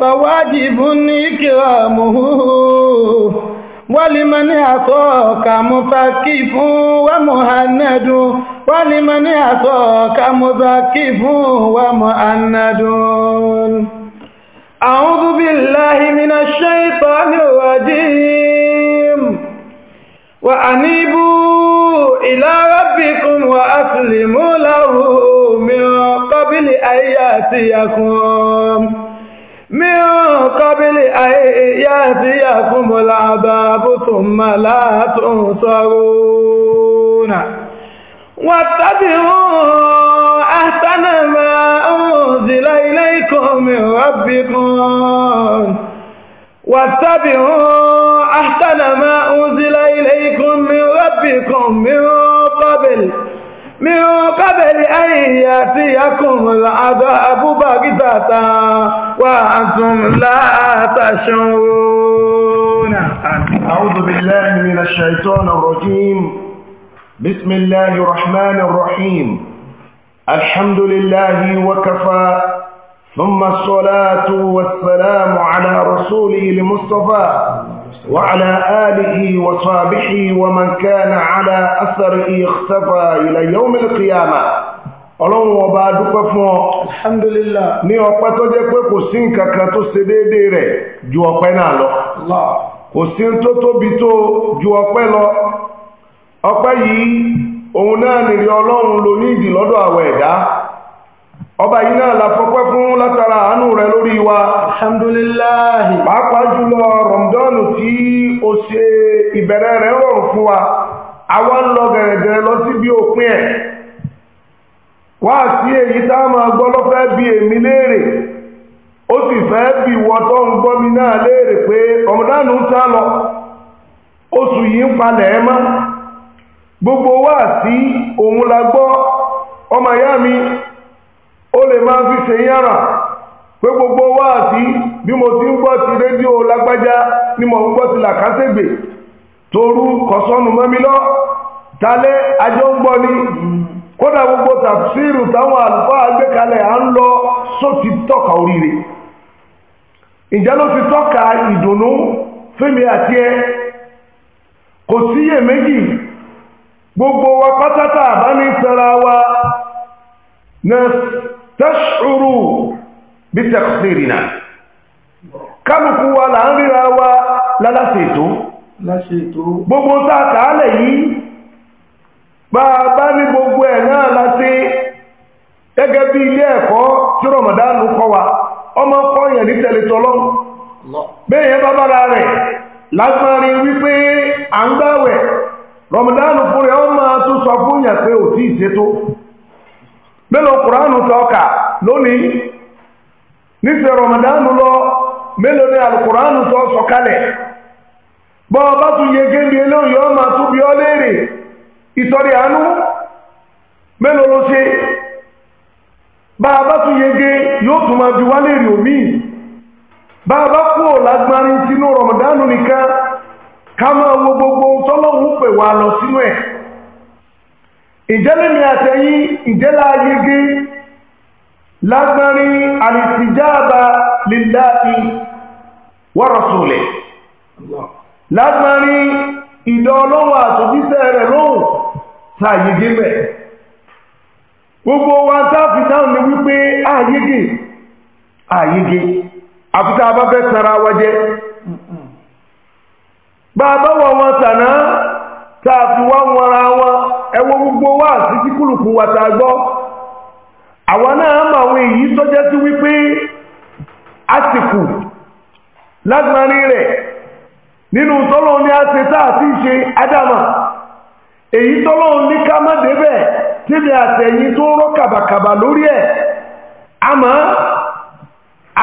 فواجب إكرامه ولمن أعطاك مفكف ومهند ولمن أعطاك مذكف ومؤند أعوذ بالله من الشيطان الرجيم وأنيبوا إلى ربكم وأسلموا له من قبل أن يأتيكم من قبل أن يأتيكم العذاب ثم لا تنصرون واتبعوا أحسن ما أنزل إليكم من ربكم واتبعوا أحسن ما أنزل إليكم من ربكم من قبل من قبل أن يأتيكم العذاب بغتة وأنتم لا تشعرون أعوذ بالله من الشيطان الرجيم بسم الله الرحمن الرحيم الحمد لله وكفى ثم الصلاة والسلام على رسوله المصطفى وعلى آله وصحبه ومن كان على أثره اختفى إلى يوم القيامة ọlọ́run ọba dúpẹ́ fún ọ alhamdulillah ní ọpẹ́ tó jẹ́ pé kò sí nǹkan kan tó ṣe déédéé rẹ̀ ju ọpẹ́ náà lọ kò sí tó tóbi tó ju ọpẹ́ lọ ọpẹ́ yìí òun náà nìrí ọlọ́run ló ní ìdí lọ́dọ̀ àwọ̀ ẹ̀dá ọba yìí náà la fọpẹ́ fún látara àánú rẹ lórí wa alhamdulillahi pàápàá jùlọ rọ̀mdọ́nù tí o ṣe ìbẹ̀rẹ̀ rẹ̀ rọrùn fún wa àwa ń lọ gẹ̀rẹ̀gẹ̀rẹ̀ lọ sí bí òpin ẹ̀ wá sí èyí tá a máa gbọ́ lọ́fẹ́ bí èmi léèrè ó sì fẹ́ bí tó ń gbọ́ mi gbogbo wá sí òun ọmọ ìyá mi ó lè máa fi ṣe yára pé gbogbo wáàsí bí mo ti ń gbọ́ ti rédíò lágbájá ni mo ń gbọ́ ti làkàṣègbè torú kọ̀sọ́nù mọ́mí lọ talẹ́ ajọ́ ń ni kódà gbogbo tàfsírù táwọn àlùfáà gbé kalẹ̀ à ń lọ sóti tọ́ka oríire ìjà ló ti tọ́ka ìdùnnú fẹ́mi àti ẹ kò síyè méjì gbogbo wa wa tash'uru bitakhdhirina kálukú wa la ń ríra wa lálásètò gbogbo ta a yìí bá gbogbo ẹ̀ náà láti gẹ́gẹ́ ilé ẹ̀kọ́ tí rọ̀mọ̀dánù kọ́ wa ọmọ kọ́yàn ní tẹ̀lẹ̀tọ̀ sọ mélòó kùránù tọ́ka lónìí níṣẹ́ rọ̀mọ̀dánù lọ mélòó ní alùkùránù tọ́ sọ̀kalẹ̀ bọ́ ọba tún yẹ géńdé eléyìí ọmọ àtúbí ọ léèrè àánú mélòó ló ṣe bá a yege yóò tún máa fi wálé rí omi bá sínú nìkan ká máa wo gbogbo tọ́lọ́hún pè wá lọ sínú ẹ̀ e. ìjẹ́lẹ̀mí àtẹ̀yìn ìjẹ́lá yege lágbárí alìsìjáàbá lillahi wa rasulih lágbárí ìdọ̀ ọlọ́wọ́ àtòjíṣẹ́ rẹ̀ lóhùn ta yege mẹ́ gbogbo wa táàfi dáhùn ní wípé àyege àyege àfitá abáfẹ́ tara wájẹ́ bá bá wọ wọn tàná táàfi wá wọn ra wọn ẹ gbogbo wá sí wa gbọ́ àwọn náà mọ àwọn èyí tó sí wípé àsìkò lágbárí rẹ̀ nínú tọ́lọ́ ní àṣetá àti ìṣe ádámà èyí tọ́lọ́ ní ká tíbi àtẹ̀yìn tó rọ́ kàbàkàbà lórí ẹ̀ àmọ́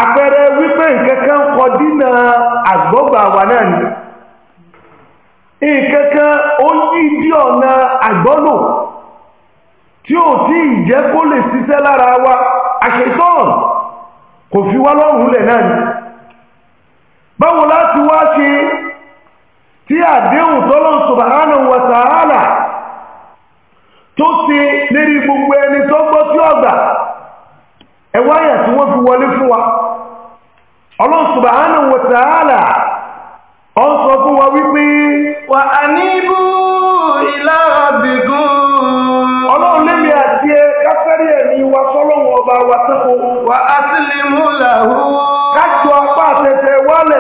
àpẹẹrẹ wípé kọ dínà àgbọ́gbà náà ni àgbọ́lò tí ò tí ìjẹ́ kó lè ṣiṣẹ́ lára wa àṣetán kò fi wá lọ́rùn lẹ̀ náà ni báwo láti wá ṣe tí àdéhùn tọ́lọ́n subhanahu wa ta'ala tó ṣe lérí gbogbo ẹni tó gbọ́ tí tí wọ́n fi wọlé fún wa ọlọ́run mi àti ẹ kásẹ́rì ní wa fọ́lọ́wọ́ ọba wa sẹ́kọ̀ọ́. wà á sì lè mú làwọ́. kájọ apá àtẹ̀tẹ̀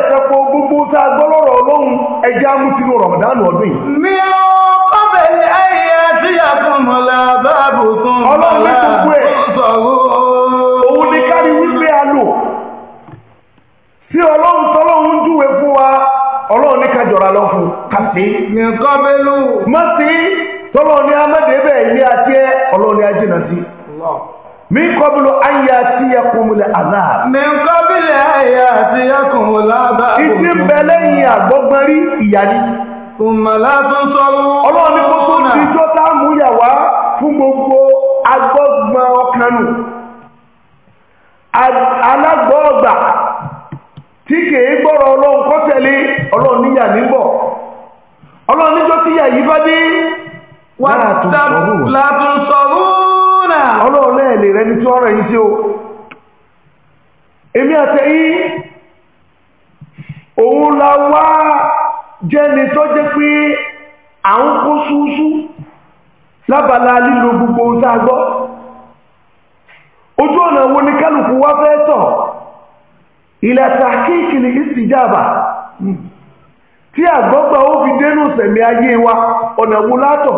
sẹ́kọ̀ọ́ gbogbo tá a gbọ́ lọ́rọ̀ ọlọ́run ẹja mú sínú rọ̀mọ̀dánù ọdún yìí. mi ò kọ́ bẹ̀rẹ̀ ayé àti ọlọ́run ní gbogbo ẹ̀ òun kárí wípé a lò tí ọlọ́run tọ́lọ́run júwe fún wa ọlọ́run ní lọ fún kọ́ bẹ́ẹ̀ lò. sí. tọ́lọ́ ní amẹ́dẹ́bẹ̀ ilé àti ẹ́ ọlọ́ni ajínà sí mi kọ́bílù ayé àti ẹkùnmùlẹ̀ àdá mi kọ́bílẹ̀ ayé àti ẹkùnmùlẹ̀ àdá ìdí bẹ̀lẹ̀ yìí àgbọ́gbọ́rí ìyàní ọmọlá tó sọ́rọ̀ ọlọ́ni kó tó ti tó wá fún gbogbo látún sọ̀rúnà ọlọ́ọ̀lẹ́ ẹ̀lẹ̀ rẹ̀ ní tí ọ̀rọ̀ yìí tí ó èmi àtẹ̀yí òun la wá jẹ́ni tó jẹ́ pé à ń kó súúsú lábala lílo gbogbo tá a gbọ́ ojú ọ̀nà wo ni kálukú wá fẹ́ tọ̀ ilẹ̀ tàkíkì ní ìsìjáàbà tí àgbọ́gbà ó fi dénú sẹ̀mí ayé wa ọ̀nà wo látọ̀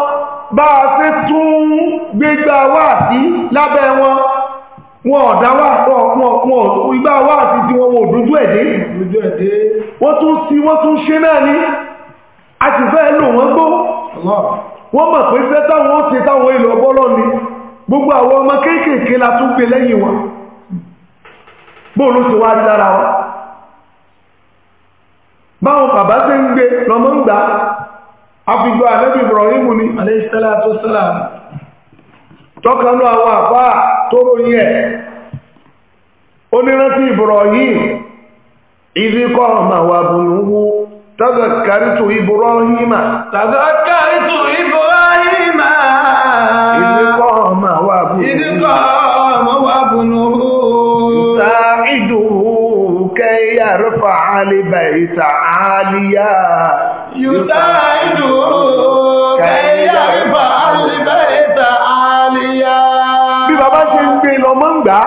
bá a ṣe tún gbégbá wà sí lábẹ́ wọn wọn ọ̀dá wà fún igbá wà sí tí wọn wọn òdójú ẹ̀dẹ́ wọ́n tún sí wọ́n tún ṣe náà ní a sì fẹ́ lò wọ́n gbó wọ́n mọ̀ pé fẹ́ táwọn ó ṣe táwọn èlò ọbọ́lọ́ ni gbogbo àwọn ọmọ kéékèèké la tún gbé lẹ́yìn wọn bóòlù ti wá rí wọn báwọn bàbá ṣe ń gbé lọ́mọ ń gbà afigbọ́ ànábì Ibrahim ní aléìsílátò sálàm tọ́kanú àwọn àpá tó ròyìn ẹ̀ Ibrahim ìdíkọ́ ọmọ wà bùnúwú tazakaritu Ibrahim tazakaritu Ibrahim ìdíkọ́ ọmọ wà bùnúwú sáàìdùhù kẹ́yà rọ́fà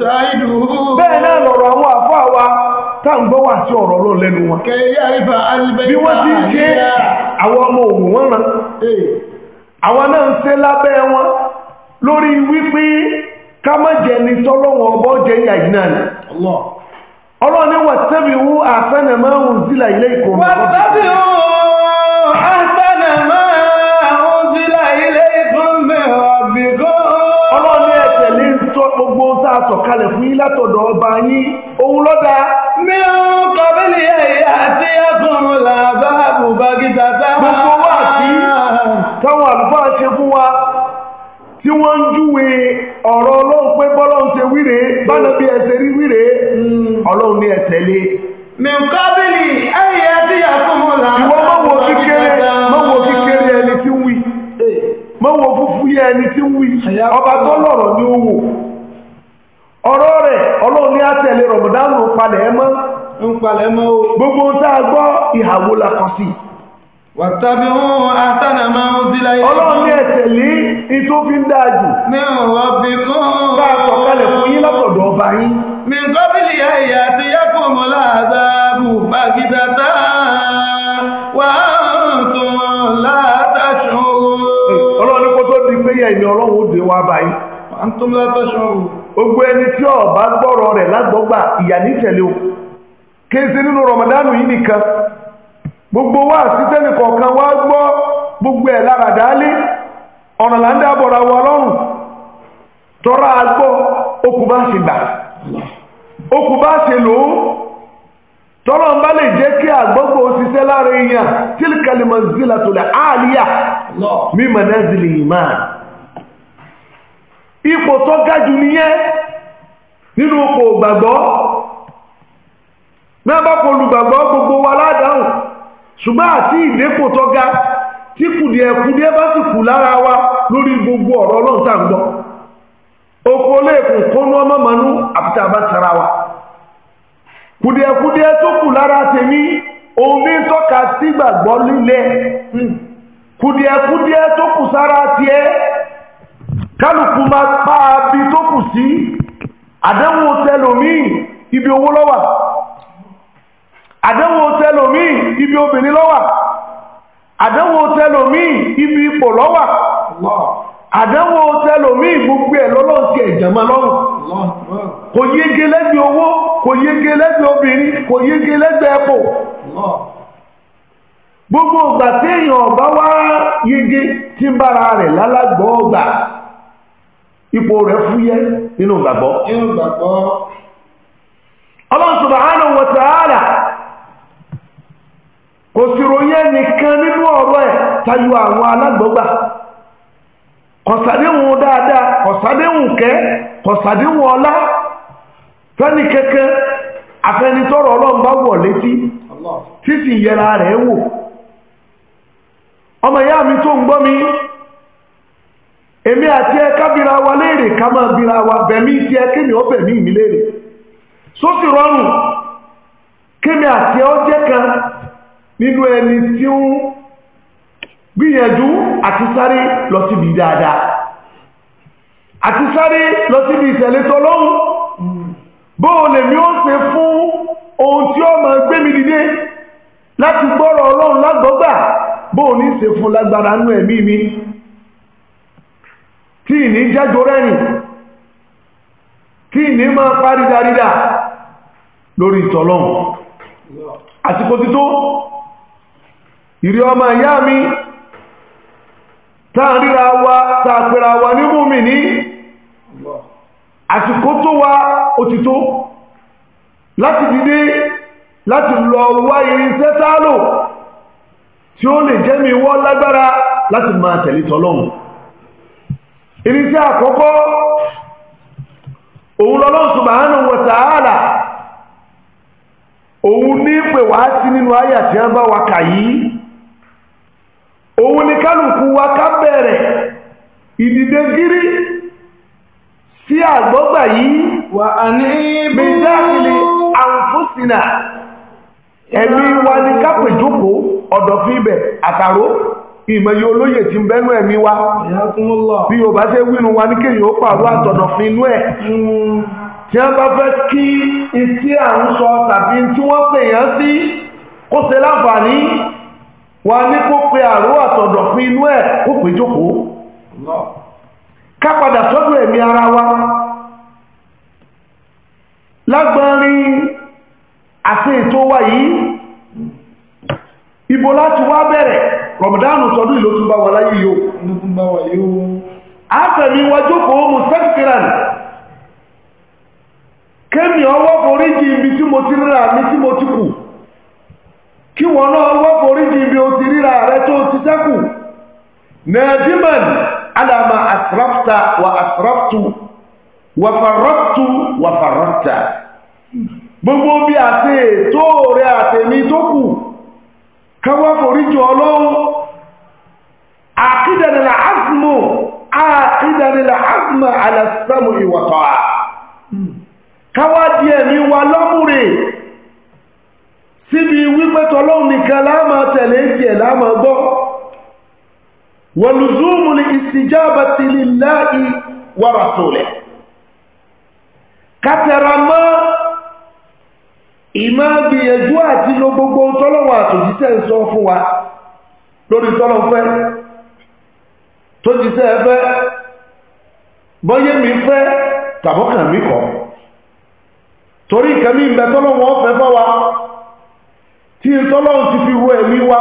bẹ́ẹ̀ náà lọ̀rọ̀ àwọn àfọ́ àwa táǹgbọ́ wà sí ọ̀rọ̀ ọlọ́run lẹ́nu wọn bí wọ́n ti ń ṣe àwọn ọmọ òwò wọ́n rán àwọn náà ń ṣe lábẹ́ wọn lórí wípé ká jẹ ní tọ́lọ́wọ́n ọbọ̀ jẹ wàtàbí wọn àtànà máa ń sílá yìí. ọlọ́run ní ẹsẹ̀ lé ètò fi ń dáa jù. mi ò wọ́n fi kún un. ká sọ̀kalẹ̀ fún yín látọ̀dọ̀ ọba yín. mi ń kọ́bílì àyà àti yẹ́kùn mọ́ láàzáàbù bàgídàtà wà á tún látàṣọ. ọlọ́run ní kó tó di pé yẹ ìní ọlọ́run ó dé wá báyìí. wà á tún látàṣọ. gbogbo ẹni tí ọba gbọ́rọ̀ rẹ̀ lágbọ́gbà ìyà ní tẹ̀lé o kí nínú Ramadan yìí nìkan gbogbo wa site kọ̀ọ̀kan wá gbọ́ gbogbo ẹ̀ lára dálé là ń dábọ̀ra wa lọ́rùn tọ́ra agbọ́ bá ṣe gbà okùn bá ṣe lò ó tọ́rọ̀ ń bá lè jẹ́ kí àgbọ́gbọ́ òṣìṣẹ́ lára èèyàn tílkàlì mọ̀sílà tó lè àlíyà mímọ̀ náà sì ipò tó nìyẹn nínú gbàgbọ́ gbogbo wa ládàáhùn ṣùgbọ́n àti ìdẹ́kò tó ga tí kùdìẹ̀kùdìẹ̀ bá sì kù lára wa lórí gbogbo ọ̀rọ̀ ọlọ́run tá à ń gbọ́ oko lẹ́ẹ̀kùn kónú ọmọ mọ́nú àfitá bá tara wa kùdìẹ̀kùdìẹ̀ tó kù lára tèmi òun ní tọ́ka sí gbàgbọ́ lílẹ̀ hmm. kùdìẹ̀kùdìẹ̀ tó kù sára tiẹ̀ kálukú máa pa abi tó kù sí àdánwò tẹlòmíì ibi owó lọ́wọ́ àdánwò tẹlòmíì ibi obìnrin lọ́wà àdánwò tẹlòmíì ibi ipò lọ́wà àdánwò tẹlòmíì gbogbo ẹ̀ lọ́lọ́ ti ẹ̀jẹ̀mọ́ lọ́rùn kò yege lẹ́gbẹ̀ẹ́ owó kò yege lẹ́gbẹ̀ẹ́ obìnrin kò yege lẹ́gbẹ̀ẹ́ ẹ̀pọ̀ gbogbo ìgbà tí èèyàn wá yege tí ń bára rẹ̀ lálágbọ́ ọgbà ipò rẹ̀ fúyẹ́ nínú ìgbàgbọ́ ọlọ́run kò sì ròyìn ẹnìkan nínú ọ̀rọ̀ ẹ̀ tayọ àwọn alágbọ́gbà kọ̀sàdéhùn dáadáa kọ̀sàdéhùn kẹ́ kọ̀sàdéhùn ọlá fẹ́ni kẹ́kẹ́ afẹnitọ́rọ̀ ọlọ́run wọ̀ létí títí yẹra rẹ̀ wò ọmọ ìyá mi tó ń gbọ́ mi èmi àti ẹ kábìra wa léèrè ká máa bìra wa bẹ̀mí ti ẹ kémi ó bẹ̀mí mi léèrè sósì rọrùn kémi kan nínú ẹni tí ń gbìyànjú àti sáré lọ síbi dáadáa àti sáré lọ síbi ìṣẹ̀lẹ̀ tọ́lọ́hun bóò lè mi ó ṣe fún ohun tí ó máa gbé mi dìde láti gbọ́rọ̀ ọlọ́run lágbọ́gbà bóò ní ṣe fún lágbára nú ẹ̀mí mi tí ìní jẹ́jọ rẹ́rìn tí ìní máa parí dárídà lórí ìtọ́lọ́hun àsìkò ti tó ìrí ọmọ ìyá mi tá a ríra wa tá a pera wa ní mùmínì àsìkò tó wa òtítọ́ láti dìde láti lọ wá irinṣẹ́ tálò tí ó lè jẹ́mi wọ́ lágbára láti máa tẹ̀lé tọ́lọ́hun irinṣẹ́ àkọ́kọ́ òun lọ́lọ́hun subhanahu wa ta'ala òun ní pè wá sí nínú àyà tí a bá wa kà yìí òun ni kálukú wa ká bẹ̀rẹ̀ ìdìde gírí sí àgbọ́gbà yìí wà á ní méjìlì àǹfóṣìnà ẹ̀mí wa ni kápẹ̀ jókòó ọ̀dọ̀ fi ibẹ̀ àtàró olóyè ń wa bí o bá wa ní kéèyàn ó pàrọ̀ àtọ̀dọ̀ fún inú ẹ̀ mm. tí wọ́n bá fẹ́ kí etí à ń sọ tàbí tí wọ́n pè sí kó se láǹfààní wa ní kó pe àrò àtọ̀dọ̀ fún inú ẹ̀ kó pè jókòó ká padà sọ́dọ̀ ẹ̀mí ara wa lágbọ́nrin àti ètò wa yìí ibo láti wá bẹ̀rẹ̀ rọ̀mùdánù sọdún ìlú tún bá wà láyé yóò àtẹ̀mí wa jókòó mú sẹ́kìtìrán kémi ọwọ́ foríjì ibi tí mo ti ríra mi tí mo ti kù kí wọn náà wọ́n forí di ibi o ti ríra rẹ tó ti sẹ́kù nàdìmọ̀n alàmà àsìrọ́pùtà wà àsìrọ́pùtù wà fàrọ́pùtù wà fàrọ́pùtà gbogbo bí àti ètò rẹ àtẹ̀mí tó kù káwọ́ forí jọ ọlọ́run àkídẹ̀nìlà azmù àkídẹ̀nìlà azmù alàsàmù ìwàtọ̀ káwọ́ díẹ̀ mi wà lọ́mùrè síbi wípé tọ́lọ́hùn nìkan láàmà tẹ̀lé tiẹ̀ láàmà gbọ́ wọ̀lùzúùmù ní ìsìjábàtì lillahi wa rasulih kátẹ̀ramọ́ ìmá gbìyànjú àti lo gbogbo tọ́lọ́wọ́ àtòjíṣẹ́ ń sọ fún wa lórí tọ́lọ́fẹ́ tó ẹfẹ́ bọ́yé mi fẹ́ wa tọlọ tọ́lọ́run ti fi ru ẹ̀mí wá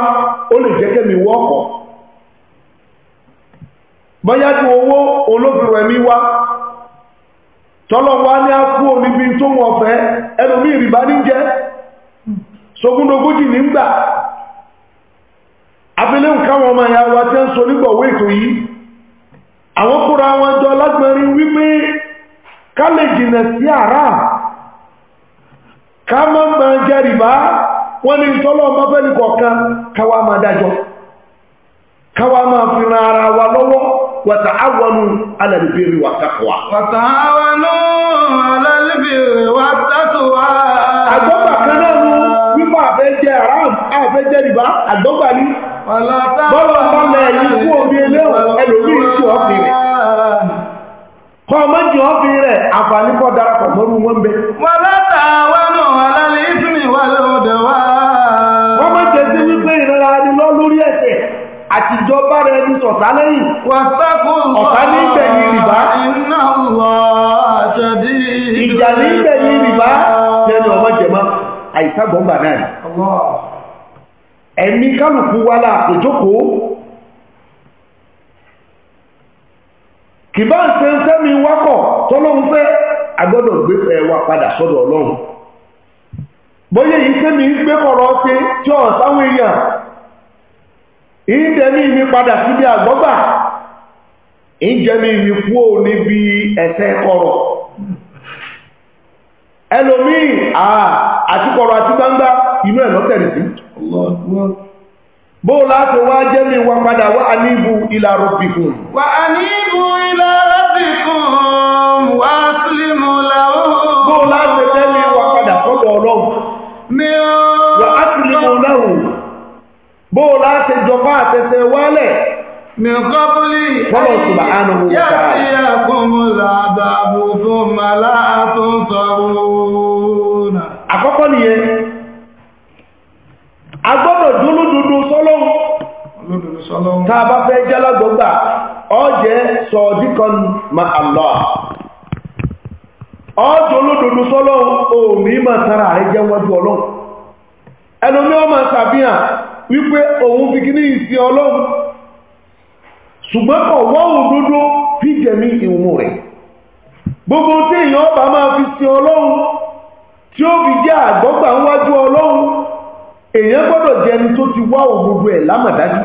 ó lè jẹ́ kẹ́mi wọ́ ọ̀pọ̀ bọ́yá owó olóbìnrin ẹ̀mí wá tọ́lọ́wọ́ ní á omi bí tó wọ́n fẹ́ ẹnu ìrìbá ní jẹ́ sogúndogójì nígbà abilé nǹkan ọmọ ya wa tí ń so ètò yìí àwọn wọn jọ lágbẹ̀rin wípé wọ́n ní tọ́lọ́ ọmọ fẹ́ nìkọ̀ọ̀kan káwa máa dájọ́ káwa máa fi ran ara wa lọ́wọ́ wàtà àwọn alàlùbẹ̀rẹ̀ wà tàkùwà. wàtà àwọn alàlùbẹ̀rẹ̀ wà tàkùwà. àgbọ́gbà kan náà ní wípé àfẹ́ jẹ́ aram àfẹ́ jẹ́ rìbá àgbọ́gbà ní. bọ́lá balẹ̀ yìí fún omi eléwọ̀n ẹlòmíì sí ọ̀fìn rẹ̀. kọ́ ọmọ jù ọ̀fìn rẹ̀ àǹfààní kọ́ darapọ̀ mọ́rú wọn bẹ́ẹ̀. ọ̀tá lẹ́yìn. ọ̀tá ní gbẹ̀yìn rìbá. iná lọ àjọdí. ìjà ní gbẹ̀yìn rìbá. náà la kì bá ń ṣe wákọ̀ tọ́lọ́hún fẹ́ agbọ́dọ̀ gbé fẹ́ wa padà sọ́dọ̀ ọlọ́run. bóyá èyí ìdẹ̀mí mi padà síbi àgbọ́gbà ìjẹmí mi kú ò níbi ẹ̀tẹ́ kọ̀rọ̀ ẹlòmí àti kọ̀rọ̀ àti gbangba inú ẹ̀ lọ́tẹ̀rì sí bó láti wá jẹ́mi wa padà wá aníbu ìlà rọ̀bìkùn wà bóòlá ti jọba àtẹsẹ̀ wálẹ̀ mìkọ́bùlì pọ́lọ̀sùbà ánàwò wọ́tàrà àkọ́kọ́ nìyẹn agbọ́dọ̀ dúlúdúdú sọ́lọ́hun tàbá fẹ́ jálàgbọ́gbà ọjẹ́ sọ̀díkan ma Allah ọjọ́ olódòdó sọ́lọ́hun òmí ma tara rẹ jẹ́ wájú ọmọ wípé òun fi kíní ìsìn ọlọ́run ṣùgbọ́n kò wọ́n òdodo fi jẹ̀mí ìwọ̀n rẹ̀ gbogbo tí èèyàn ọba máa fi sin ọlọ́run tí ó fi jẹ́ àgbọ́gbà níwájú ọlọ́run èèyàn gbọ́dọ̀ jẹ́ tó ti wá òdodo ẹ̀ lámàdájú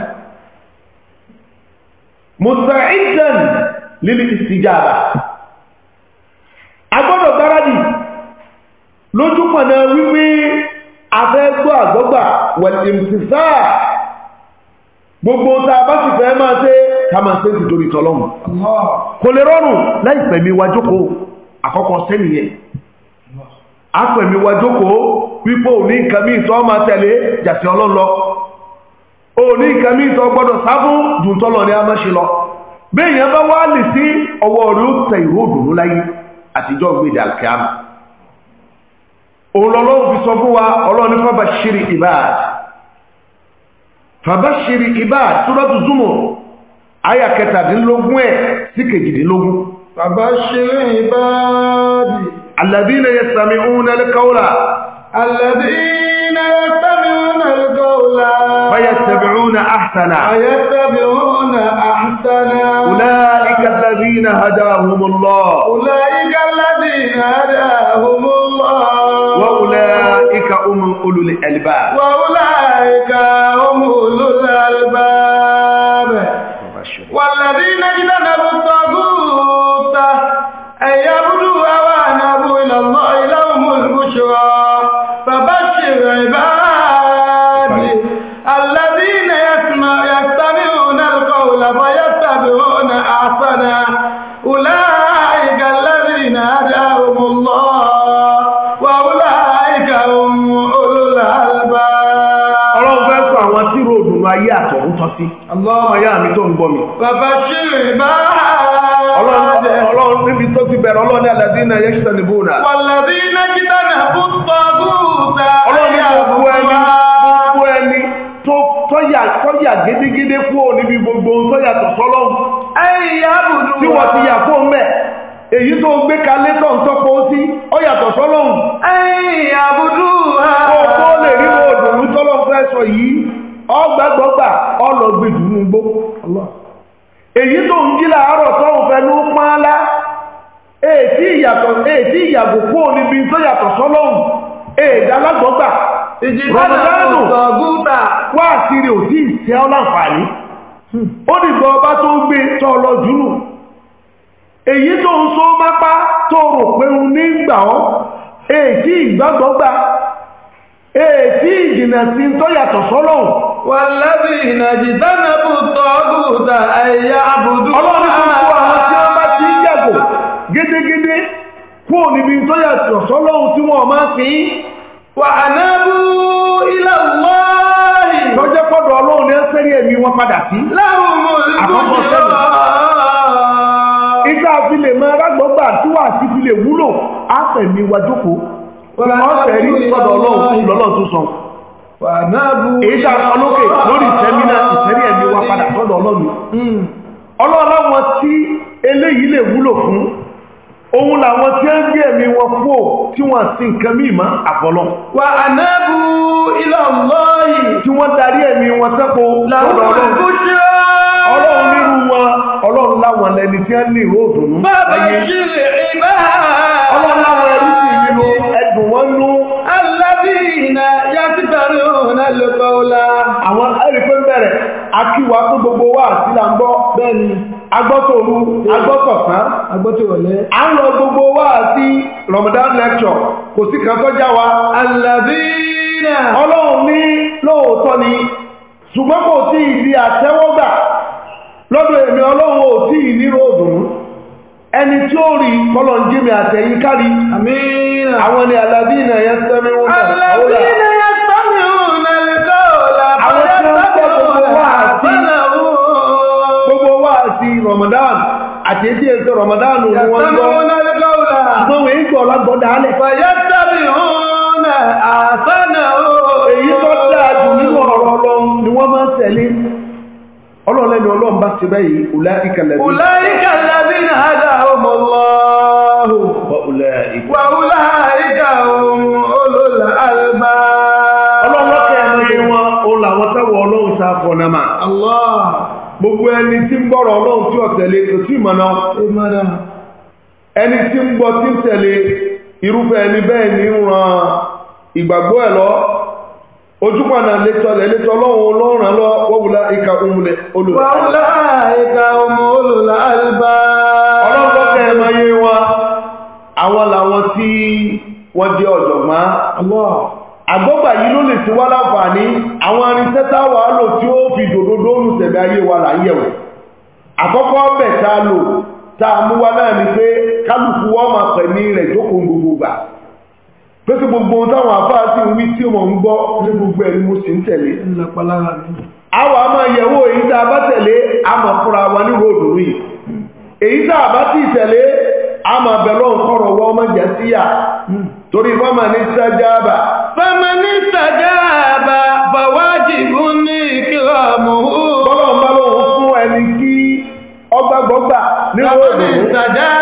mùsàìdàn lílì wípé afẹ́gbọ́ àgbọ́gbà wẹ̀lìmtìsá gbogbo ta bá sì fẹ́ máa ṣe ká máa ṣe nítorí tọ́lọ́mù kò lè rọrùn láìpẹ̀ mi àkọ́kọ́ sẹ́niyẹ àpẹ̀ mi wípé òní nǹkan mí tọ́ máa tẹ̀lé jàsí ọlọ́lọ́ òní nǹkan mí ní lọ bá wá lè sí ọwọ́ ó tẹ olọ́lọ́wọ́ fi sọ fún wa ọlọ́ni fàbàṣírí ìbáàd fàbàṣírí ìbáàd túrọ́tù zúmọ̀ ayà kẹtàdínlógún ẹ̀ sí kejìdínlógún fàbàṣírí ìbáàd alladhina yastami'una al-qawla alladhina yastami'una al-qawla fayattabi'una ahsana ulul albab. Wà ó lá ayé àtọ̀run tán sí ọmọ ayé àmì tó ń gbọ́ mi. bàbá ṣírí bá ọlọ́run níbi tó ti bẹ̀rẹ̀ ọlọ́run ní àlàdé náà yẹ́ ṣìṣẹ́ níbó náà. wàlàdé iná kíta náà bó tọ́ gúúta ayé àbúrò gbogbo ẹni tọ́yà gédégédé kúrò níbi gbogbo tọ́yà tọ̀sọ́lọ́hùn. ẹ̀yìn àbùdù wa tí wọ́n ti yà fún mẹ́ èyí tó gbé kalẹ̀ tó ń tọ́pọ̀ sí ọ̀yàtọ̀ sọ́lọ́hùn. ẹ̀yìn àbùdù wa. kó o tó lè rí òdòdó tọ́lọ́ fẹ́ sọ yìí ọgbàgbọ́gbà ọlọ́gbẹ̀dù ní igbó èyí tó ń jí láàárọ̀ tọ́hùn fẹ́lú pánlá ètí ìyàgò kó níbi tó yàtọ̀ sọ́lọ́hùn èdè alágbọ́gbà wà sírí ò ọba tó gbé jùlù èyí tó ń só mápá tó rò pé ń ní gbà ọ́ والذين اجتنبوا الطاغوت أن يعبدوها ọlọ́run tó ń kó àwọn tí wọ́n bá ti ń yàgò gédégédé kúrò níbi tó yàtọ̀ sọ́lọ́run tí wọ́n máa fi wà ánábù ila Allah lọ́jọ́ pọ̀dọ̀ ọlọ́run ní ẹ́sẹ̀rí ẹ̀mí wọn padà sí àkọ́kọ́ sẹ́nu ìgbà àti lè máa rágbọ́gbà tí wà sí fi lè wúlò èyí sára ọlọ́kẹ̀ lórí ìtẹ́mínà ìtẹ́rí ẹ̀mí wa padà sọ́dọ̀ ọlọ́run hmm. ọlọ́run wọn tí eléyìí lè wúlò fún òun làwọn tí ó ń gbé ẹ̀mí wọn fò tí wọ́n sí nǹkan mí ìmá àpọ̀lọ́ wà ànábù ilẹ̀ ọlọ́yìn tí wọ́n darí ẹ̀mí wọn sẹ́kọ̀ọ́ lọ́dọ̀ ọlọ́run nírú wọn ọlọ́run láwọn lọ́lá. Àwọn ẹ̀rì pé ń bẹ̀rẹ̀, akíwà tó gbogbo wà sílà ń gbọ́ bẹ́ẹ̀ ni, agbọ́tòru, agbọ́tọ̀sán, agbọ́tòrọ̀lẹ́. A ń lọ gbogbo wà sí Ramadan lecture, kò sí kan tọ́já wa. Àlàbínà. Ọlọ́run ní lóòótọ́ ni, ṣùgbọ́n kò tí ì di àtẹ́wọ́gbà lọ́dọ̀ èmi ọlọ́run ò tí ì nírò òdùnú ẹni tí ó rí kọlọ̀ ń jí mi àtẹ̀yí kárí àwọn ni àlàbí ìnà yẹn sẹ́mi wọn àti etí ètò rọmọdánù wọn gbọ́ ṣùgbọ́n wọ́n ń gbọ́ ọlọ́gbọ́ dálẹ̀. fàyẹ́tàbí hàn àṣánà èyí tó dáa jù nínú ọ̀rọ̀ ọlọ́run ni wọ́n máa ń tẹ̀lé ọlọ́ọ̀lẹ́ni ọlọ́run bá ti báyìí ulaika alladhina hadahumullahu wa ulaika hum Allah gbogbo ẹni tí ń gbọ́rọ̀ ọlọ́run tí ó kò tí ìmọ̀nà ẹni tí ń gbọ́ tí ń tẹ̀lé irúfẹ́ ẹni bẹ́ẹ̀ ní ran ìgbàgbọ́ ẹ̀ lọ ojúpọ̀nà létọ́ lọ́wọ́ ọlọ́run lọ wọ́wùlá ìka òmùlẹ̀ ìka òmùlẹ̀ àlùbá máa yé wa àwọn làwọn àgbọ́gbà yìí ló lè ti wá láǹfààní àwọn arinṣẹ́ táwà lò tí ó fi dòdòdó nù sẹ̀mẹ̀ ayé wa là ta àkọ́kọ́ bẹ̀ tá a lò tá a mú wá ni pé gbogbo gbà pé sí gbogbo ohun táwọn àfáà sì ń wí tí ń gbọ́ ní gbogbo mo sì ń tẹ̀lé máa yẹ̀wò èyí tá a bá tẹ̀lé a máa fúnra wa ní ròdù rí èyí tá a bá ti tẹ̀lé a máa wọ́n máa jẹ́ fẹ́mẹ́ni tàdáàbà bàwájìbù ní ìkìrọ̀mù. Bọ́lá ọ̀bá lóhun fún ẹni kí ọgbàgbọ́gbà nínú òdòdó.